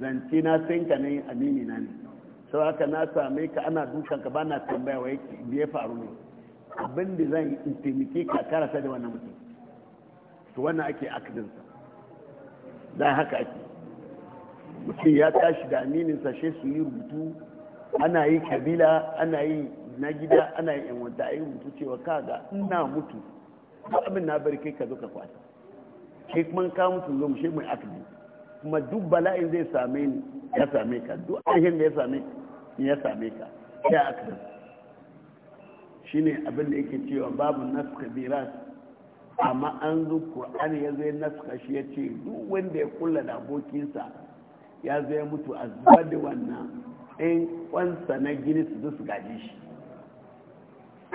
zance na san ka ne amini na ne sau haka na same ka ana dukan ka ba na tambaya wa yake ya faru ne abin da zan in taimake ka karasa da wannan mutum to wannan ake akidinsa da haka ake mutum ya tashi da aminin sashe su yi rubutu ana yi kabila ana yi na gida ana yi yanwanta a yi rubutu cewa kaga ina mutu ba abin na bari kai ka zo ka kwata kai kuma ka mutu zo mu shi mai akadi kuma duk bala'in zai same ni ya same ka duk ainihin da ya same ni ya same ka ya akadi shine abin da yake cewa babu nasu kabiras amma an zo qur'ani ya zo ya nasu shi ya ce duk wanda ya kulla da abokinsa ya zo ya mutu a zuba da wannan in wansa na gini su zo su gaji shi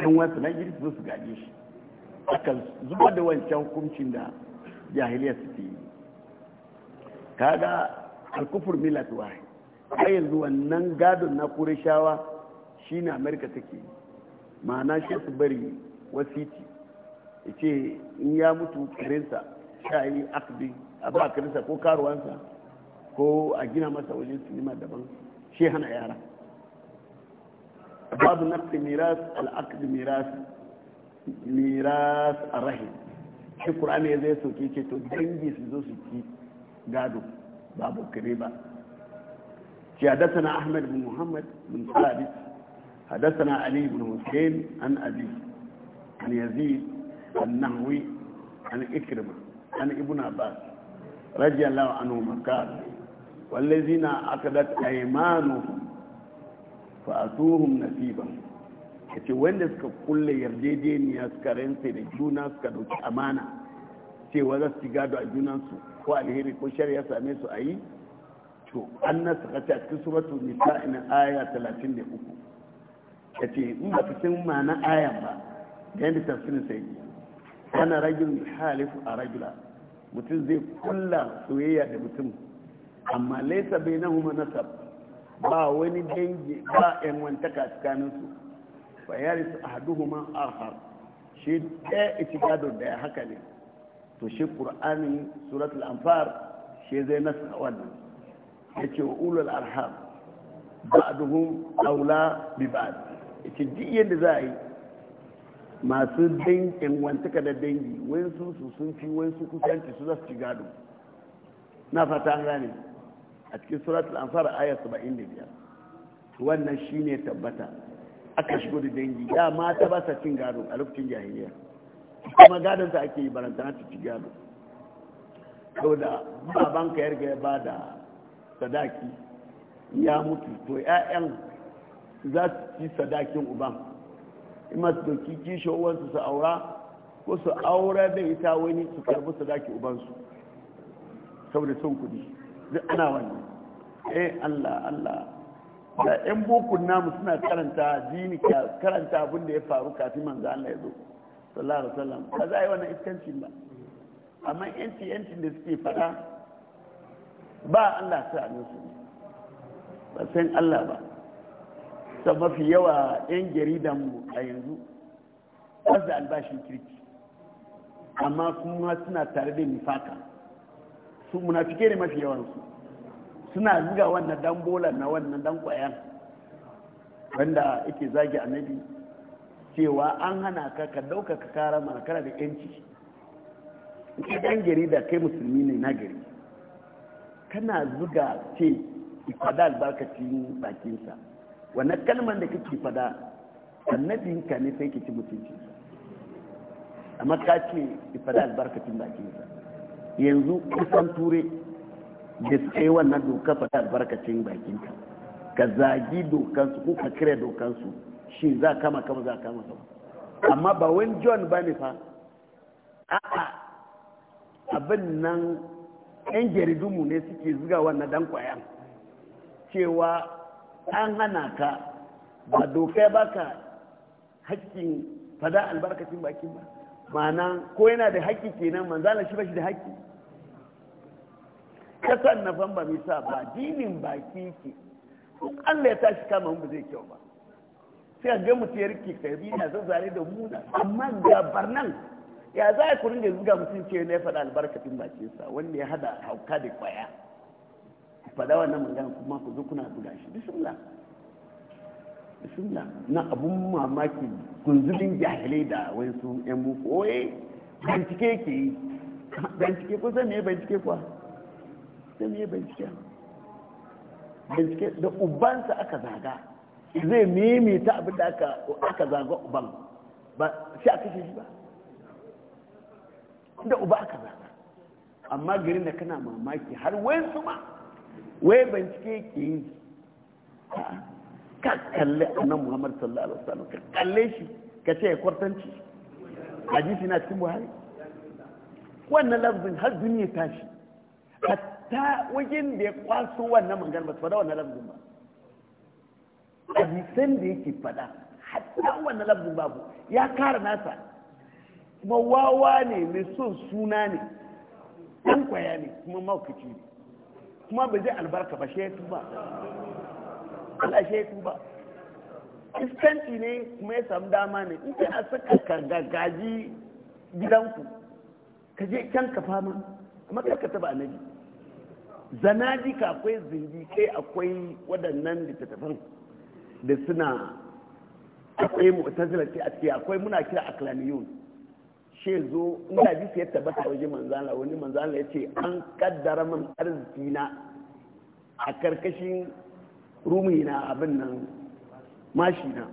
in wansa na gini su zo su gaji shi aka zuba da wancan hukuncin da jahiliya su yi kaga alkufur milat wahid a yanzu wannan gadon na kurishawa shi ne amerika take ma'ana shi su bari wasiti ce in ya mutu karinsa shayi yi akdi a ba karinsa ko karuwansa ko a gina masa wajen sinima daban shi hana yara babu nafsi miras al'aqd miras miras arahim shi qur'ani ya zai soke ce to dangi su zo su ci gado babu kare ba ci hadathana Ahmed bin muhammad bin thabit hadathana ali bin hussein an abi an yazid an nahwi an ikrima an ibn abbas radiyallahu anhu qala والذين عقدت أيمانهم فأتوهم نصيبا yace wanda suka kulle yarjejeniya suka rantse da juna suka dauki amana cewa za su gado a junansu ko alheri ko shari'a same su a yi to an na suka ce a cikin suratul nisa'in aya 33 yace in ba ka san ma'ana ba da yanda tafsirin sai kana ragin halifu a ragula mutum zai kulla soyayya da mutum amma laisa bai na huma nasab ba wani dangi ba yan wantaka tsakaninsu fa yari su ahaduhuma akhar shi ɗaya itikado da haka ne to shi qur'ani suratul anfar shi zai nasa wannan yace wa ulul arham ba'duhum aula bi ba'd yace duk yadda za a yi masu dangin wantaka da dangi wayansu su sun fi su kusanci su za su ci gado na fata an gane a cikin suratul ansar aya 75 wannan shine tabbata aka shigo da dangi ya mata ba sa cin gado a lokacin jahiliya kuma gadon ta ake yi barantana ta ci gado saboda baban ka yarga ya bada sadaki ya mutu to ƴaƴan za su ci sadakin uban in ma su doki kishi uwansu su aura ko su aura da ita wani su karbi sadaki ubansu saboda son kudi duk ana wannan eh Allah Allah da ƴan bokun namu suna karanta dini karanta abin da ya faru kafin manzo Allah ya zo sallallahu alaihi wasallam ba za a yi wannan iskancin ba amma yanci yancin da suke fada ba Allah ta nusu ba san Allah ba ta mafi yawa ƴan jaridan mu a yanzu wasu albashin kirki amma kuma suna tare da nifaka su munafike ne mafi yawansu suna zuga wannan dan bolan na wannan dan kwayan wanda yake zagi annabi cewa an hana ka ka dauka ka kara mana kana da yanci ke dan gari da kai musulmi ne na gari kana zuga ce ifada albarkacin bakinsa wannan kalmar da kake fada ka ne sai kici ci amma ka ce ifada albarkacin bakinsa yanzu kusan ture da suka yi wannan dokar fata albarkacin bakinka ka zagi dokansu ko ka dokan dokansu shi za kama kama za kama kama amma ba wen john ba ne fa a'a abin nan yan jaridunmu ne suke zuga wannan dan kwayan cewa an hana ka ba doka ba ka hakkin fada albarkacin bakin ba ma'ana ko yana da haƙƙi kenan manzala shi ba shi da haƙƙi kasan na famba ba mai sa ba dinin baki ke in Allah ya tashi kama mu zai kyau ba sai a ga mutu ya rike karbi na zare da muna amma gabar nan ya za a kurin da zuga mutum ce na ya faɗa albarkacin bakinsa wanda ya hada hauka da kwaya faɗa wannan magana kuma ku zo kuna buga shi bismillah bismillah na abun mamaki gunzubin jahilai da wani su yan muku oye bincike ke yi bincike kusa ne bincike kuwa sai mai bincike bincike da ubansa aka zaga zai mimita abin da aka zaga uban ba shi aka shi ba da uba aka zaga amma garin da kana mamaki har wayansu ma wai bincike ke yi ka kalle annan muhammad sallallahu alaihi wasallam ka kalle shi ka ce ya kwartanci hadisi na cikin buhari wannan lafzin har duniya tashi ta wajen da ya kwaso wannan magana ba su fada wannan lafzin ba hadisan da yake fada hatta wannan lafzin babu ya kara nasa mawawa wawa ne mai son suna ne ɗan kwaya ne kuma maukaci ne kuma ba zai albarka ba shi ya tuba shi ya tuba iskanci ne kuma ya samu dama ne in a saka ka gagaji gidanku ka je can ka fama kuma kar ka taba annabi zanadika akwai zindikai akwai waɗannan littattafan da suna akwai mu'tazila ce a ce akwai muna kira aklaniyun she zo ina ji su ya tabbata waje manzala wani manzala ya ce an kaddara man arziki na a karkashin rumi na abin nan mashi na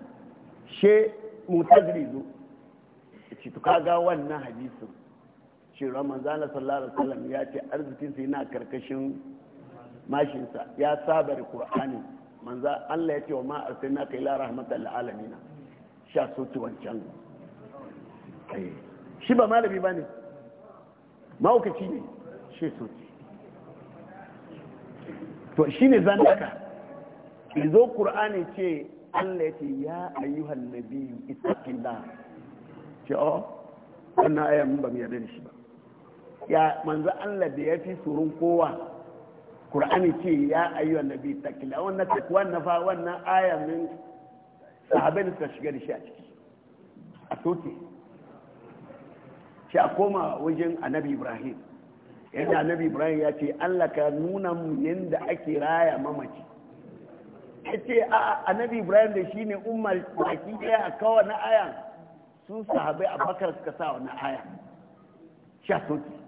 she mu'tazili zo ce to kaga wannan hadisin cewa manzana sallallahu alaihi wasallam ya ce arzikinsa yana karkashin mashinsa ya saba da qur'ani manza Allah ya ce wa ma arsalna ka ila rahmatal alamin sha soki wancan eh. shi ba malami bane maukaci ne shi soki to shine zandaka izo qur'ani ce Allah ya ce ya ayyuhan nabiyyu ittaqillah ce oh wannan ayan ba mu yarda shi ba ya manzo Allah da ya fi surun kowa Qur'ani ce ya ayyuhan nabi takila wannan takwa na fa wannan aya min sahabbai da shiga da shi a ciki a soke shi a koma wajen annabi Ibrahim yana annabi Ibrahim ya ce Allah ka nuna mu yadda ake raya mamaci ya ce a annabi Ibrahim da shi ne umar baki ɗaya a kawo na aya sun sahabai a bakar suka sa wani aya sha soke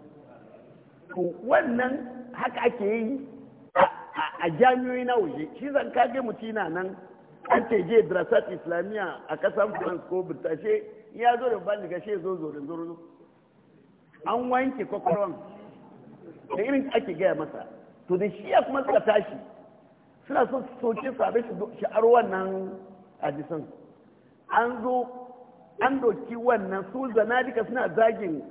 wannan haka ake yi a jami'oi na waje shi zan kage mutum na nan an teje drasat islamiyya a kasan france ko birtashe ya zo da ban daga shi zo zo da zoro an wanke kwakwaron da irin ake gaya masa to da shi ya kuma suka tashi suna so su soke sabe sha'ar wannan hadisan an zo an doki wannan su zanadika suna zagin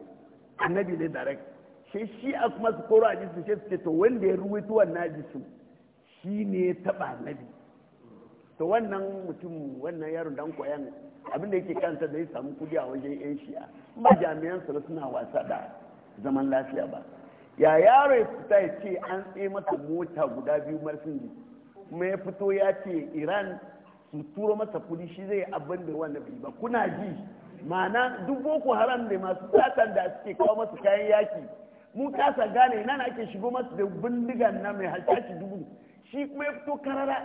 annabi ne direct sai shi a kuma su koro a jisun sai su ce to wanda ya ruwaito wannan jisun shi ne ya taba nabi to wannan mutum wannan yaron dan koyan abin da yake kansa da ya samu kudi a wajen yan shi'a ba jami'an su suna wasa da zaman lafiya ba ya yaro ya fita ya ce an tsaye masa mota guda biyu ji kuma ya fito ya ce iran su turo masa kudi shi zai abin da wanda bai ba kuna ji ma'ana duk boko haram ne masu satan da suke kawo masu kayan yaki mun kasa gane ina na ake shigo masu da bindigan na mai harsashi dubu shi kuma ya fito karara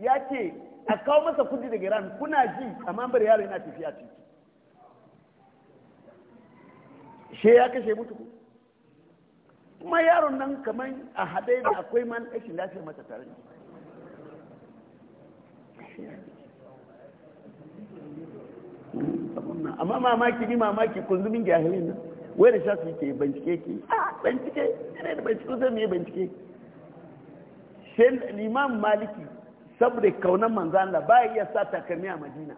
ya ce a kawo masa kudi daga iran kuna ji amma bari yaro yana tafiya ciki she ya kashe mutu ku kuma yaron nan kamar a haɗe da akwai man ɗashin lafiyar masa tare amma mamaki ni mamaki kunzumin jahilin nan wai da sha su ke bincike ke a bincike ne da bincike zai mai bincike shi liman maliki saboda kaunan manzan Allah ba iya sa takalmi a madina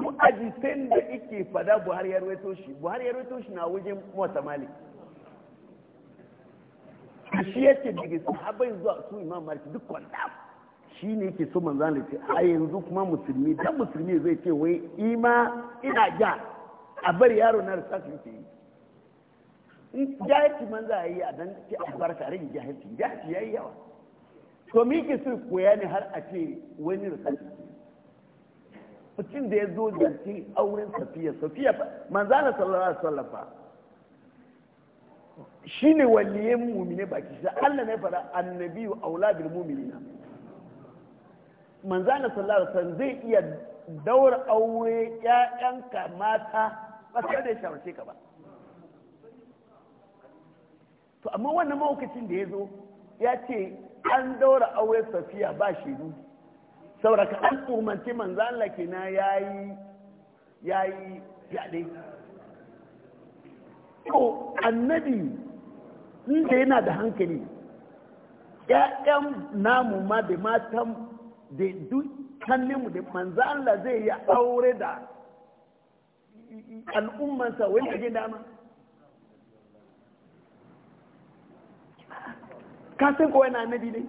duk sai da ike fada buhari ya rawaito shi buhari ya rawaito shi na wajen mota malik shi yake daga sahabai zuwa su imam maliki duk wanda shi ne ke so manzan Allah ce a yanzu kuma musulmi dan musulmi zai ce wai ima ina ja a bar yaro na lissafin ke yi in jahilci man za a yi a dan ce tare da jahilci jahilci ya yi yawa to mi ke sun koya ne har a ce wani lissafin ke mutum da ya zo zance auren safiya safiya za na sallara alaihi wasallam shi ne waliyin mu'mine baki sai Allah ne fara annabiyyu auladul mu'minina manzana sallallahu alaihi wasallam zai iya daura aure ƴaƴanka mata ba su da ya shawarce ka ba to amma wannan mawukacin da ya zo ya ce an daura aure safiya ba shaidu sauraka an umarci manzo Allah kenan yayi yi fyaɗe to annabi inda yana da hankali ƴaƴan namu ma da matan da duk mu da manzo zai yi aure da al'ummansa wani ajin dama ka san kawai na annabi ne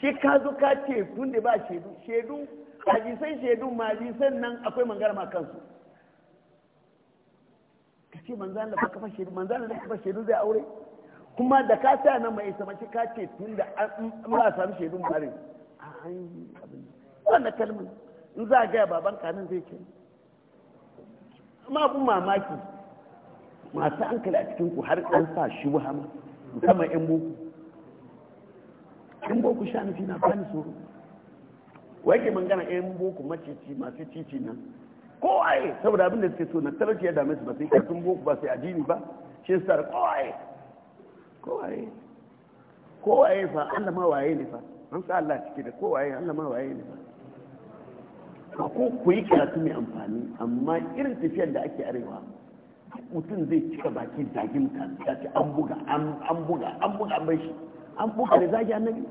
shi ka zo ka ce tun da ba shaidu shaidu hadisan shaidu majisan nan akwai mangara ma kansu ka ce manzan da ka kafa shaidu manzan da kafa fa shaidu zai aure kuma da ka sa nan mai shi ka ce tun da an ba samu shaidu bare a hanyar abin wannan kalmar in za a gaya baban kanin zai ce kuma abin mamaki masu hankali a cikinku har an sa shi wahama musamman 'yan boko yan boko sha nufi na bani tsoro wai ke mangana yan boko macici masu cici nan kowaye saboda abin da suke so na talauci ya dame su ba sai karfin boko ba sai addini ba shi su tara kowaye kowaye kowaye fa allah ma waye ne fa an sa allah cike da kowaye allah ma waye ne fa ko ku yi karatu mai amfani amma irin tafiyar da ake arewa mutum zai cika baki zagin mutane ya ce an buga an buga an buga bai shi an buga da zagi annabi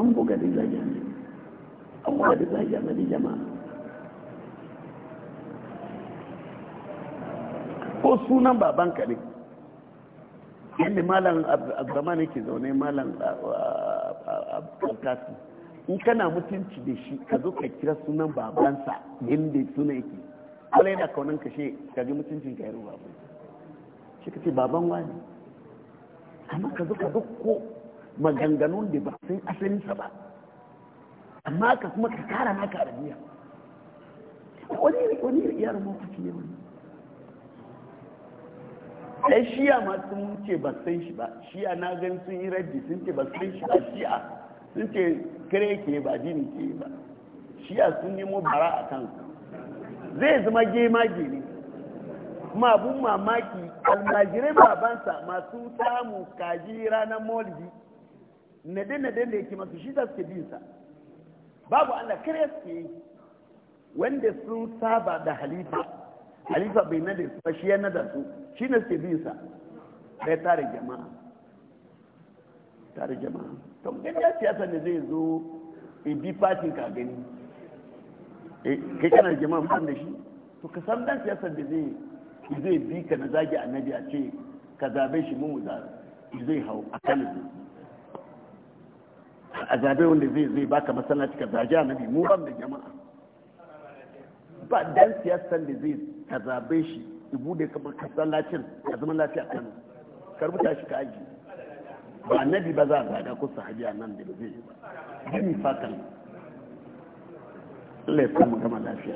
an buga da zagi annabi an buga da zagi annabi jama'a ko sunan ka ne yadda malam abdurrahman yake zaune malam ah, ah, ah, abdulkasim in kana mutunci da shi ka zo ka kira sunan babansa inda suna yake Allah yana kaunan ka she ka ga mutuncin ka yaro babu shi ka ce baban wani amma ka zo ka dukko maganganun da ba sun asalinsa ba amma ka kuma ka kara naka arabiya wani yaron mafafi ne wani sai shiya ma sun ce ba san shi ba shiya na gan sun yi rajji sun ce ba san shi ba shiya sun ce kare ke ba dini ke ba shi a sun nemo bara a kan zai zama gemage ne kuma abun mamaki almajirai babansa masu samu kaji ranar maulidi nade-nade da yake masu shi za su binsa babu allah kare suke yi wanda sun saba da halifa halifa bai nade su ba shi ya nada su shi ne suke binsa bai tare jama'a tare jama'a to gani ya siyasa ne zai zo bi fatin ka gani eh, kai kana jama'a mutum da shi to ka san dan siyasa da zai zai bi ka na zagi annabi a ce ka zabe shi mun zai hau a kalin a zabe wanda zai zai baka masallaci ka zagi annabi mu ban da jama'a ba dan siyasar da zai ka zabe shi ibu da ka masallacin ya zama lafiya kano karbuta shi ka aji ba annabi ba za a gada ko sahabi a nan da ba zai yi ba gani fatan Allah ya samu gama lafiya.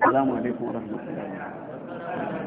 Assalamu alaikum wa rahmatullahi